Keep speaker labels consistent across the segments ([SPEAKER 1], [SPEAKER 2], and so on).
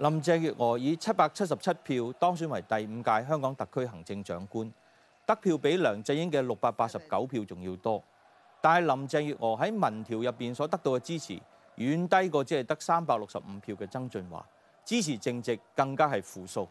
[SPEAKER 1] 林鄭月娥以七百七十七票當選為第五屆香港特區行政長官，得票比梁振英嘅六百八十九票仲要多，但係林鄭月娥喺民調入面所得到嘅支持遠低過只係得三百六十五票嘅曾俊華，支持正值更加係負數。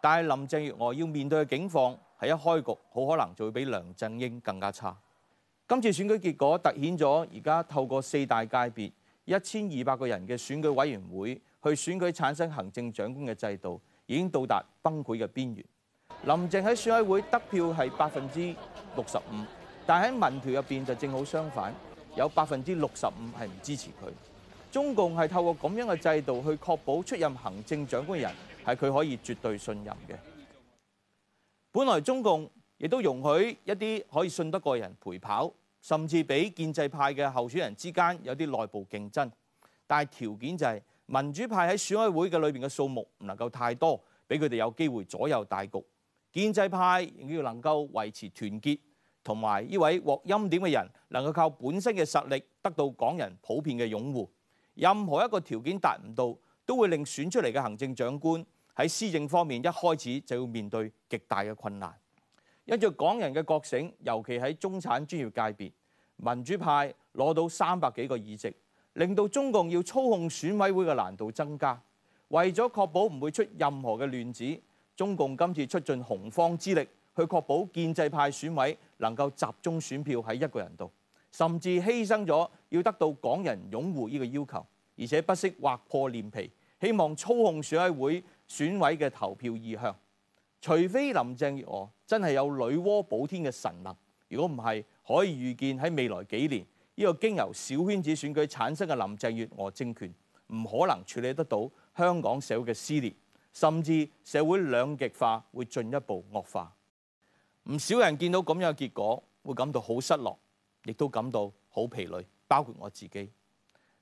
[SPEAKER 1] 但係林鄭月娥要面對嘅境況係一開局好可能就會比梁振英更加差。今次選舉結果突顯咗而家透過四大界別一千二百個人嘅選舉委員會去選舉產生行政長官嘅制度已經到達崩潰嘅邊緣。林鄭喺選委會得票係百分之六十五，但喺民調入面就正好相反，有百分之六十五係唔支持佢。中共係透過咁樣嘅制度去確保出任行政長官嘅人係佢可以絕對信任嘅。本來中共亦都容許一啲可以信得過嘅人陪跑，甚至俾建制派嘅候選人之間有啲內部競爭，但係條件就係，民主派喺選委會嘅裏面嘅數目唔能夠太多，俾佢哋有機會左右大局。建制派亦要能夠維持團結，同埋呢位獲欽點嘅人能夠靠本身嘅實力得到港人普遍嘅擁護。任何一個條件達唔到，都會令選出嚟嘅行政長官喺施政方面一開始就要面對極大嘅困難。因着港人嘅覺醒，尤其喺中產專業界別，民主派攞到三百幾個議席。令到中共要操控選委會嘅難度增加，為咗確保唔會出任何嘅亂子，中共今次出盡洪荒之力去確保建制派選委能夠集中選票喺一個人度，甚至犧牲咗要得到港人擁護呢個要求，而且不惜劃破臉皮，希望操控選委會選委嘅投票意向。除非林鄭月娥真係有女媧補天嘅神能，如果唔係，可以預見喺未來幾年。呢個經由小圈子選舉產生嘅林鄭月娥政權，唔可能處理得到香港社會嘅撕裂，甚至社會兩極化會進一步惡化。唔少人見到咁樣嘅結果，會感到好失落，亦都感到好疲累，包括我自己。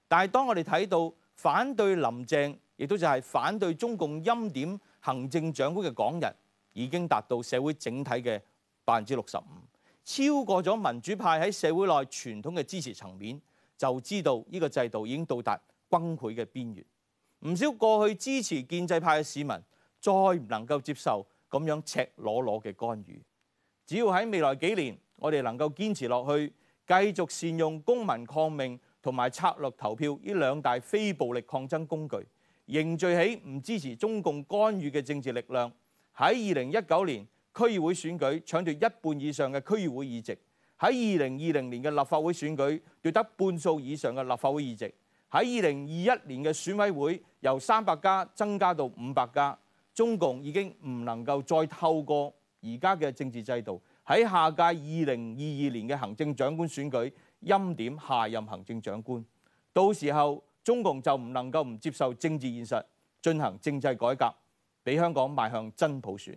[SPEAKER 1] 但係當我哋睇到反對林鄭，亦都就係反對中共欽點行政長官嘅港人，已經達到社會整體嘅百分之六十五。超過咗民主派喺社會內傳統嘅支持層面，就知道呢個制度已經到達崩潰嘅邊緣。唔少過去支持建制派嘅市民，再唔能夠接受咁樣赤裸裸嘅干預。只要喺未來幾年，我哋能夠堅持落去，繼續善用公民抗命同埋策略投票呢兩大非暴力抗爭工具，凝聚起唔支持中共干預嘅政治力量，喺二零一九年區議會選舉搶奪一半以上嘅區議會議席，喺二零二零年嘅立法會選舉奪得半數以上嘅立法會議席，喺二零二一年嘅選委會由三百家增加到五百家，中共已經唔能夠再透過而家嘅政治制度喺下屆二零二二年嘅行政長官選舉欽點下任行政長官，到時候中共就唔能夠唔接受政治現實，進行政制改革，俾香港邁向真普選。